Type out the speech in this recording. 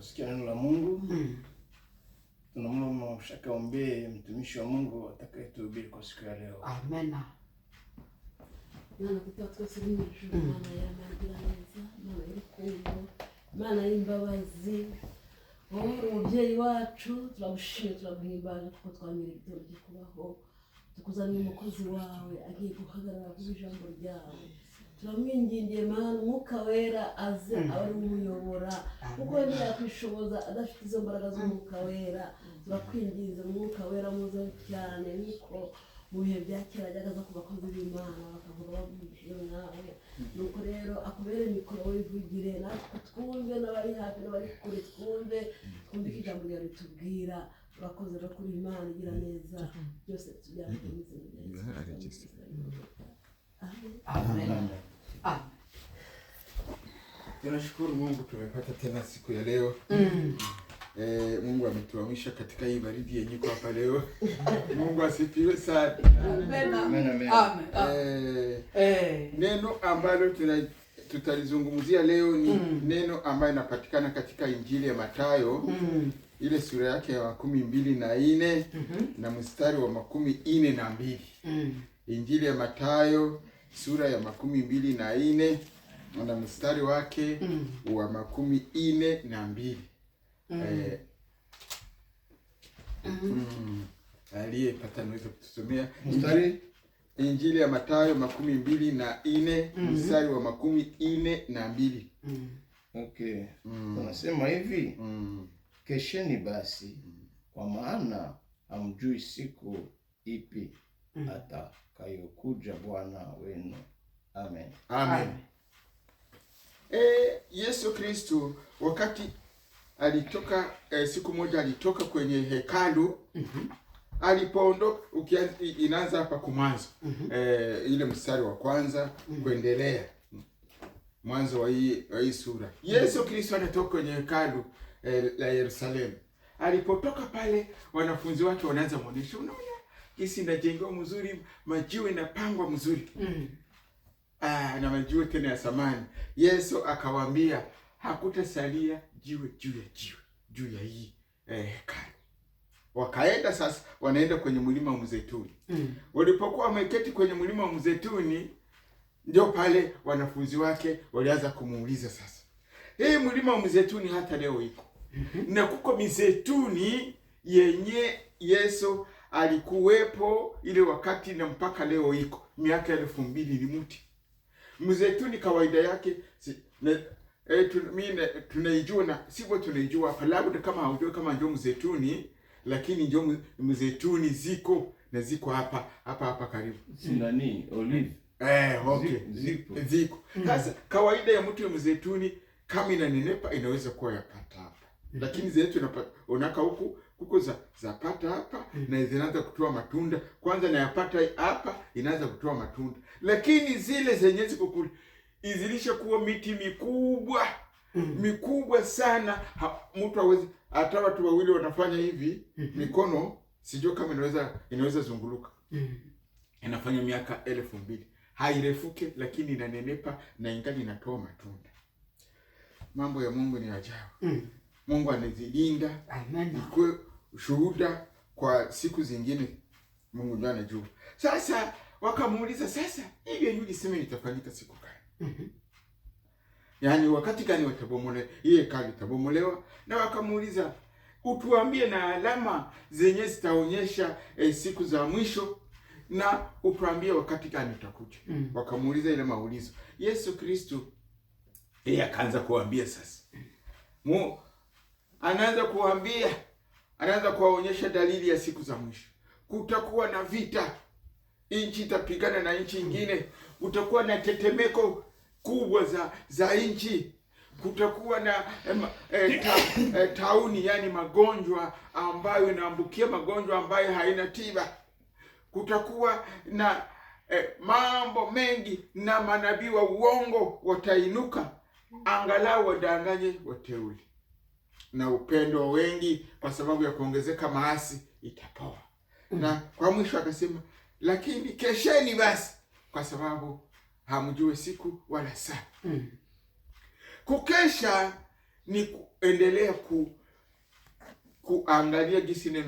Kusikia neno la Mungu mm. Tunamwomba mshakaombee mtumishi wa Mungu atakayetuhubiri kwa siku ya leo. Amena. Mana y'imbabazi wowe umubyeyi wacu turagushimye turaguhimbaza kuko twamenye ibitero byo kubaho tukuzaniye umukozi wawe agiye guhagarara ku ijambo ryawe turamwingingiye mana umwuka wera aze hmm. abari umuyobora kuko wemera kwishoboza adafite izo mbaraga z'umwuka wera bakwinginze umwuka wera muze cyane niko mu bihe bya kera byajyaga aza ku bakozi b'imana bakavuga bavugije mwawe nuko rero akubere mikoro wivugire natwe twumve n'abari hafi n'abari kure twumve twumvike ijambo ryawe ritubwira urakoze no kuri imana igira neza byose tubyara mu neza amen Tunashukuru Mungu tumepata tena siku ya leo mm. E, Mungu ametuamisha katika hii baridi yenye kwa hapa leo. Mungu asifiwe sana. Amen. Amen. Amen. Amen. E, Neno ambalo tuna tutalizungumzia leo ni mm. neno ambayo inapatikana katika Injili ya Mathayo mm. ile sura yake ya makumi mbili na nne mm -hmm. na mstari wa makumi nne na mbili mm. Injili ya Mathayo sura ya makumi mbili na nne na mstari wake mm. wa makumi ine na mbili mm. eh, mm-hmm. mm. mm. aliyepata naweza kutusomea mstari Injili ya Mathayo makumi mbili na ine mm -hmm. mstari wa makumi ine na mbili mm. Okay. Mm. Anasema hivi mm. Kesheni basi mm. kwa maana hamjui siku ipi mm. atakayokuja Bwana wenu. Amen, amen. amen. E, Yesu Kristo wakati alitoka e, siku moja alitoka kwenye hekalu mm -hmm. Alipoondoka inaanza hapa kumwanzo mm -hmm. E, ile mstari wa kwanza mm -hmm. kuendelea mwanzo wa hii wa hii sura mm -hmm. Yesu Kristo anatoka kwenye hekalu e, la Yerusalemu. Alipotoka pale, wanafunzi wake wanaanza mwonyesho, unaona kisi na jengo mzuri, majiwe na pangwa mzuri mm -hmm ah, na majiwe tena ya samani. Yesu akawaambia hakutasalia jiwe juu ya jiwe juu ya hii eh, hekalu. Wakaenda sasa, wanaenda kwenye mlima wa Mzeituni. Mm. Walipokuwa wameketi kwenye mlima wa Mzeituni, ndio pale wanafunzi wake walianza kumuuliza sasa, hii mlima wa Mzeituni hata leo iko mm -hmm. na kuko mizeituni yenye Yesu alikuwepo ile wakati na mpaka leo iko miaka elfu mbili ni mti mzeituni kawaida yake si, ne, e, eh, tun, mine, tunaijua na sivyo tunaijua falabda, kama haujua kama njo mzeituni, lakini njo mzeituni ziko na ziko hapa hapa hapa karibu nani olive eh, okay ziko ziko mm. sasa. mm. kawaida ya mtu ya mzeituni kama inanenepa inaweza kuwa yapata hapa, lakini zetu unapata unaka huku kuko za zapata hapa mm. na zinaanza kutoa matunda kwanza, nayapata hapa inaanza kutoa matunda, lakini zile zenye ziko kule izilishe kuwa miti mikubwa mm-hmm. mikubwa sana, mtu hawezi hata watu wawili wanafanya hivi mm-hmm. mikono, sijua kama inaweza inaweza zunguluka. Mm-hmm. Inafanya miaka elfu mbili hairefuke, lakini inanenepa na ingali inatoa matunda. Mambo ya Mungu ni ajabu. Mm. Mungu anazilinda ikwe shuhuda kwa siku zingine. Mungu ndiye anajua sasa Wakamuuliza, sasa hivi yule sema itafanyika siku gani? mm -hmm. Yaani wakati gani watabomole ile kali itabomolewa? Na wakamuuliza utuambie na alama zenye zitaonyesha e, siku za mwisho na utuambie wakati gani utakuja. mm -hmm. Wakamuuliza ile maulizo. Yesu Kristo yeye akaanza kuambia sasa, mu anaanza kuambia, anaanza kuwaonyesha dalili ya siku za mwisho, kutakuwa na vita nchi itapigana na nchi ingine utakuwa na tetemeko kubwa za za nchi, kutakuwa na eh, eh, ta, eh, tauni, yani magonjwa ambayo inaambukia, magonjwa ambayo haina tiba, kutakuwa na eh, mambo mengi, na manabii wa uongo watainuka, angalau wadanganye wateuli na upendo wengi kwa sababu ya kuongezeka maasi itapoa. Na kwa mwisho akasema lakini kesheni basi, kwa sababu hamjue siku wala saa. Hmm. Kukesha ni kuendelea ku, kuangalia jinsi neno